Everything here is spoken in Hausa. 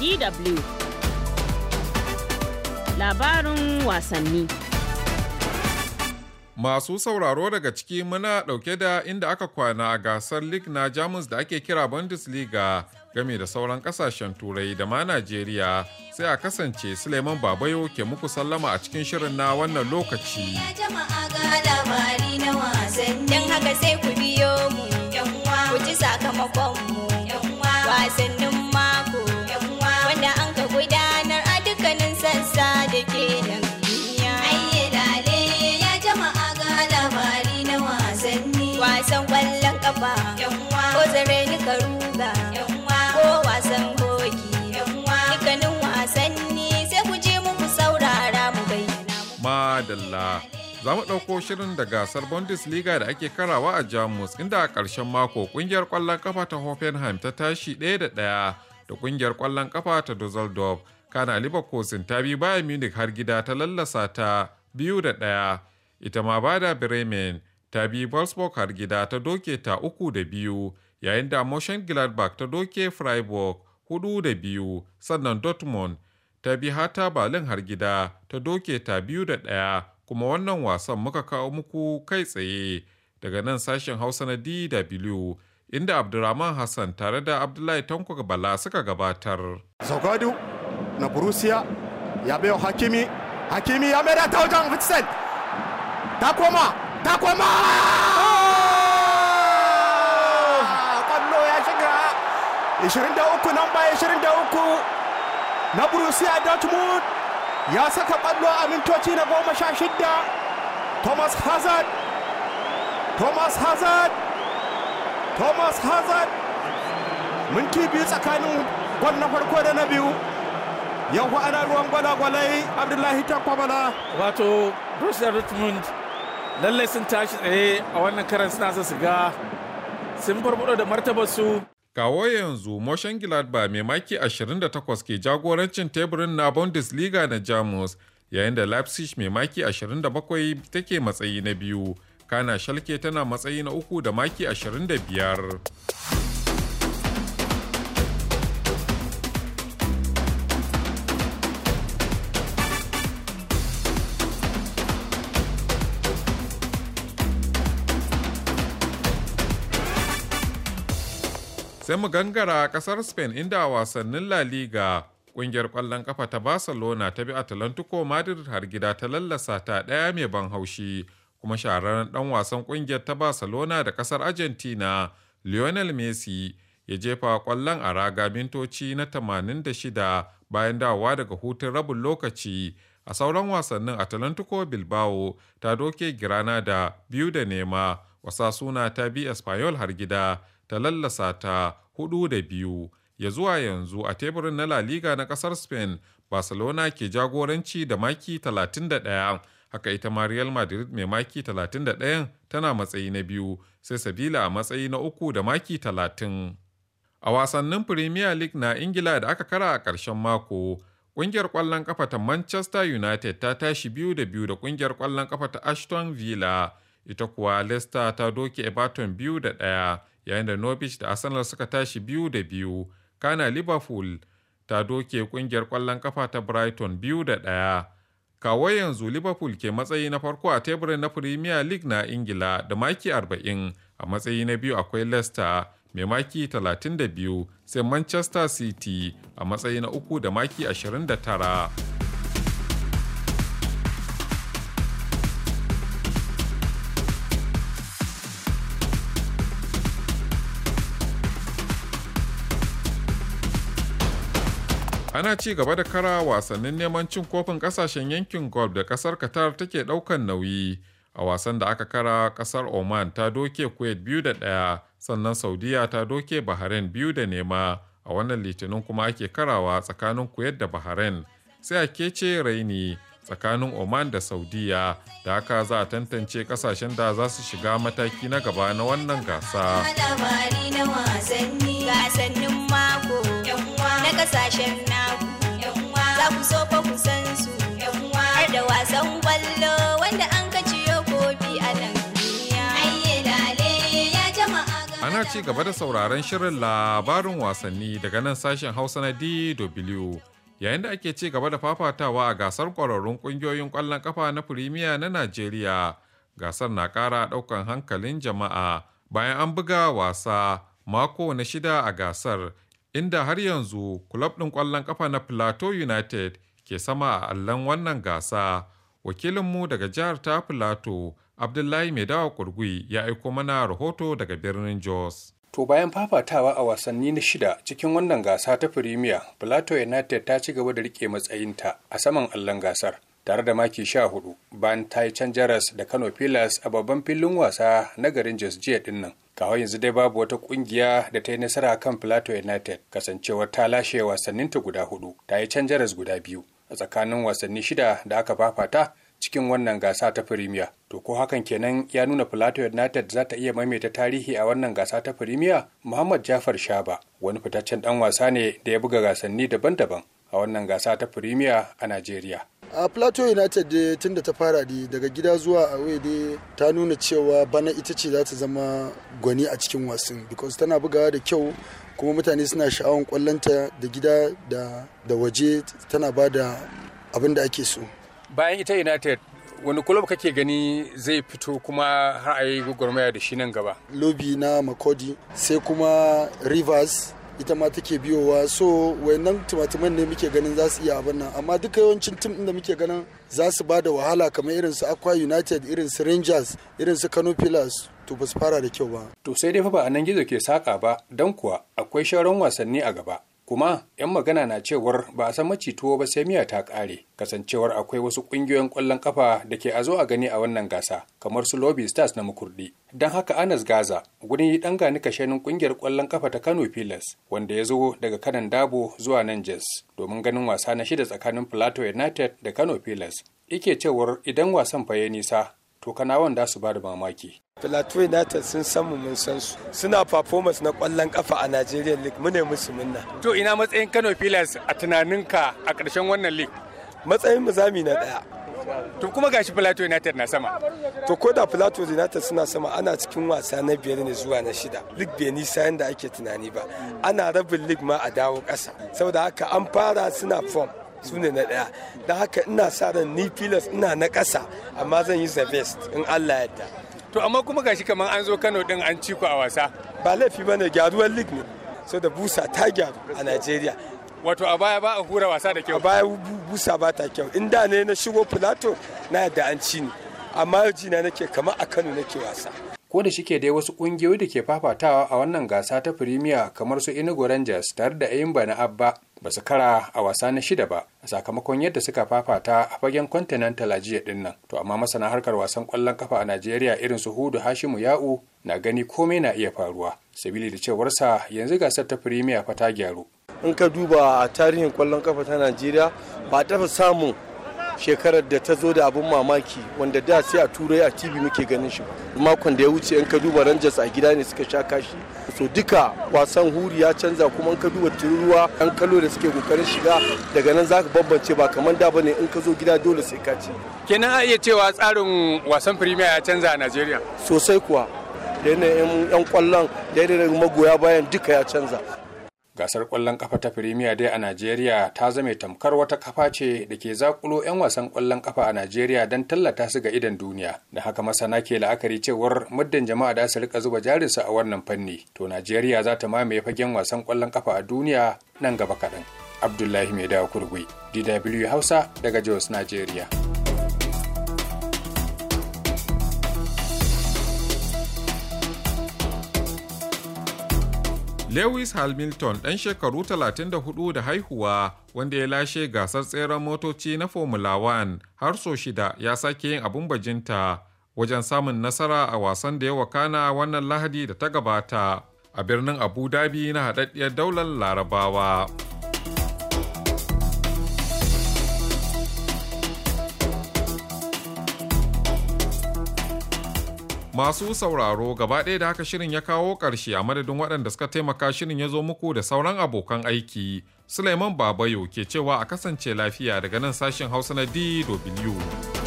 DW Labarin wasanni Masu sauraro daga ciki muna ɗauke da inda aka kwana a gasar League na Jamus da ake kira Bundesliga game da sauran ƙasashen Turai da ma Najeriya sai a kasance Suleiman Babayo ke muku sallama a cikin shirin na wannan lokaci. Don haka sai ku biyo mu, ku ci sakamakon mu, wasannin za mu ɗauko shirin da gasar Bundesliga da ake karawa a Jamus inda a ƙarshen mako ƙungiyar ƙwallon ƙafa ta Hoffenheim ta tashi ɗaya da ɗaya da ƙungiyar ƙwallon ƙafa ta Dusseldorf. Kana liverpool ta bi Bayern Munich har gida ta lallasa ta biyu da ɗaya. Ita ma Bada Bremen ta bi Wolfsburg har gida ta doke ta uku da biyu yayin da gladbach ta doke Freiburg hudu da biyu sannan Dortmund ta bi hata Berlin har gida ta doke ta biyu da ɗaya kuma wannan wasan muka kawo muku kai tsaye daga nan sashen hausa na dw inda abdurrahman hassan tare da abdullahi tanko bala suka gabatar zogadu na burusiya ya bayo hakimi hakimi ya mai ta wajen vincent ta koma ta koma kwallo ya shiga 23 Ishirin da 23 na burusiya dortmund ya saka ƙwallo a mintoci na goma sha shidda thomas hazard thomas hazard thomas hazard minti biyu tsakanin gwal na farko da na biyu yau ana ruwan gwalagwalai abdullahi takwabala wato borussia dortmund lallai sun tashi tsaye a wannan karan suna su ga sun farfado da martabarsu Kawo yanzu Moshen Gladbach mai maki 28 ke jagorancin teburin na Bundesliga na Jamus, yayin da Leipzig mai maki 27 take matsayi na biyu, kana shalke tana matsayi na uku da maki 25. sai mu gangara kasar spain inda a wasannin la liga kungiyar kwallon kafa ta barcelona ta bi atlantico madrid har gida ta lallasa ta ɗaya mai ban haushi kuma shahararren dan wasan kungiyar ta barcelona da kasar argentina lionel messi ya jefa kwallon a raga mintoci na 86 bayan dawowa daga hutun rabin lokaci a sauran wasannin atlantico bilbao ta doke da biyu da nema wasa suna ta bi espanyol har gida ta lallasa ta hudu da biyu ya zuwa yanzu a teburin na La Liga na kasar Spain Barcelona ke jagoranci da maki 31 haka ita ma Real Madrid mai maki 31 tana matsayi na biyu sai Sabila a matsayi na uku da maki 30. A wasannin Premier League na Ingila da aka kara a ƙarshen mako, ƙungiyar ƙwallon ƙafa ta Manchester United ta tashi biyu da biyu da ƙungiyar ƙwallon ƙafa ta Ashton Villa, ita kuwa Leicester ta doke Everton biyu da ɗaya. yayin da norwich da arsenal suka tashi biyu da biyu kana liverpool ta doke kungiyar kwallon kafa ta brighton biyu da ɗaya kawo yanzu liverpool ke matsayi na farko a teburin na premier league na ingila da maki 40 a matsayi na biyu akwai leicester mai maki 32 sai manchester city a matsayi na uku da maki 29 ana ci gaba da kara wasannin neman cin kofin kasashen yankin golf da kasar qatar take daukan nauyi a wasan da aka kara kasar oman ta doke kuwait biyu da ɗaya sannan saudiya ta doke bahrain biyu da nema a wannan litinin kuma ake karawa tsakanin kuwait da bahrain sai a kece raini tsakanin oman da saudiya da aka za a tantance kasashen da za su shiga mataki na gaba na wannan gasa na kasashen na ku so fa ku san su da wasan kwallo wanda an kaci ciyo gobi a nan duniya ana ci gaba da sauraron shirin labarin wasanni daga nan sashen hausa na dw yayin da ake ci gaba da fafatawa a gasar kwararrun kungiyoyin kwallon kafa na firimiya na najeriya gasar na kara daukan hankalin jama'a bayan an buga wasa mako na shida a gasar inda har yanzu kulob ɗin ƙwallon ƙafa na Plateau United ke sama a allon wannan gasa. Wakilinmu daga jihar ta Plateau, Abdullahi dawa Kurgui ya aiko mana rahoto daga birnin Jos. To bayan fafatawa a wasanni na shida cikin wannan gasa ta Firimiya, Plateau United ta ci gaba da rike matsayinta a saman allon gasar. tare da maki sha hudu bayan ta yi can jaras da kano pilas a babban filin wasa na garin jos jiya dinnan kawai yanzu dai babu wata kungiya da ta yi nasara kan plateau united kasancewar ta lashe wasanninta guda hudu ta yi can jaras guda biyu a tsakanin wasanni shida da aka fafata cikin wannan gasa ta firimiya to ko hakan kenan ya nuna plateau united za ta iya maimaita tarihi a wannan gasa ta firimiya muhammad jafar shaba wani fitaccen dan wasa ne da ya buga gasanni daban-daban a wannan gasa ta firimiya a najeriya a plateau united dai tun da ta fara dai daga gida zuwa away dai ta nuna cewa bana ita ce za ta zama gwani a cikin wasan because tana bugawa da kyau kuma mutane suna sha'awan kwallonta da gida da, da waje tana ba da abin da ake so bayan ita united wani kulob kake gani zai fito kuma har a yi gwagwarmaya da shi nan gaba lobi na makodi sai kuma rivers ita ma take biyowa so wayannan tumatuman ne muke ganin za su iya abin nan amma duka yawancin tim din da muke ganin za su ba da wahala kamar irin su aqua united irin su rangers irin su kano pillars to ba su fara da kyau ba to sai dai fa ba a nan gizo ke saka ba don kuwa akwai sharon wasanni a gaba kuma 'yan magana na cewar ba a san tuwo ba sai miya ta kare kasancewar akwai wasu ƙungiyoyin ƙwallon kafa da ke a zo a gani a wannan gasa kamar su lobby stars na mukurdi don haka anas gaza gudun yi ɗan gani kashenin ƙungiyar ƙwallon kafa ta kano pilas wanda ya zo daga kanan dabo zuwa nan jes domin ganin wasa na shida tsakanin plateau united da kano pilas ike cewar idan wasan fa ya nisa to kanawan da su ba da mamaki Plateau United sun san mu mun san su. Suna performance na kwallon kafa a Nigeria League mu ne musu munna. To ina matsayin Kano Pillars a tunaninka a ƙarshen wannan league? Matsayin mu zami na daya. To kuma gashi Plateau United na sama. To ko da Plateau United suna sama ana cikin wasa na biyar ne zuwa na shida. League bai nisa yanda ake tunani ba. Ana rabin league ma a dawo ƙasa. Saboda haka an fara suna form. su ne na ɗaya don haka ina sa ran ni filas ina na ƙasa amma zan yi the best in allah yadda to amma kuma gashi kamar an zo kano din an ci ku a wasa ba laifi bane gyaruwar league ne so da busa ta gyaru a nigeria. wato a baya ba a hura wasa da kyau a baya busa ba ta kyau in da ne na shigo plato na yadda an ci ni amma jina nake kamar a kano nake wasa ko da shike dai wasu kungiyoyi da ke fafatawa a wannan gasa ta firimiya kamar su inugu rangers tare da ayimba na abba ba su kara a wasa na shida ba a sakamakon yadda suka fafata a fagen continental a jiya din nan to amma masana harkar wasan kwallon kafa a najeriya irin su hudu hashimu ya'u na gani komai na iya faruwa sabili da cewarsa yanzu gasar ta firimiya fa ta gyaru in ka duba a tarihin kwallon kafa ta najeriya ba fi samun shekarar da ta zo da abin mamaki wanda da sai a turai a tv muke ganin shi makon da ya wuce in ka duba rangers a gida ne suka sha kashi so duka wasan huri ya canza kuma in ka duba tururuwa an kalo da suke kokarin shiga daga nan zaka bambance ba kamar da bane in ka zo gida dole sai ka ci kenan a iya cewa tsarin wasan premier ya canza a Najeriya sosai kuwa da yanayin yan kwallon da yanayin magoya bayan duka ya canza gasar ƙwallon ƙafa ta firimiya dai a najeriya ta zame tamkar wata kafa ce da ke zakulo 'yan wasan kwallon ƙafa a najeriya don tallata su ga idan duniya da haka masana ke la'akari cewar muddin jama'a da su rika zuba jarinsu a wannan fanni to najeriya za ta mamaye fagen wasan ƙwallon ƙafa a duniya nan gaba kaɗan abdullahi mai dawa kurgui dw hausa daga jos najeriya Lewis Hamilton ɗan shekaru 34 da haihuwa wanda ya lashe gasar tseren motoci na Formula 1 har so shida ya sake yin abin bajinta wajen samun nasara a wasan da ya wakana wannan lahadi da ta gabata a birnin Abu Dhabi na haɗaɗɗiyar daular Larabawa. Masu sauraro gaba ɗaya da haka shirin ya kawo ƙarshe a madadin waɗanda suka taimaka shirin ya zo muku da sauran abokan aiki. Suleiman Babayo ke cewa a kasance lafiya daga nan sashen Hausa na DW.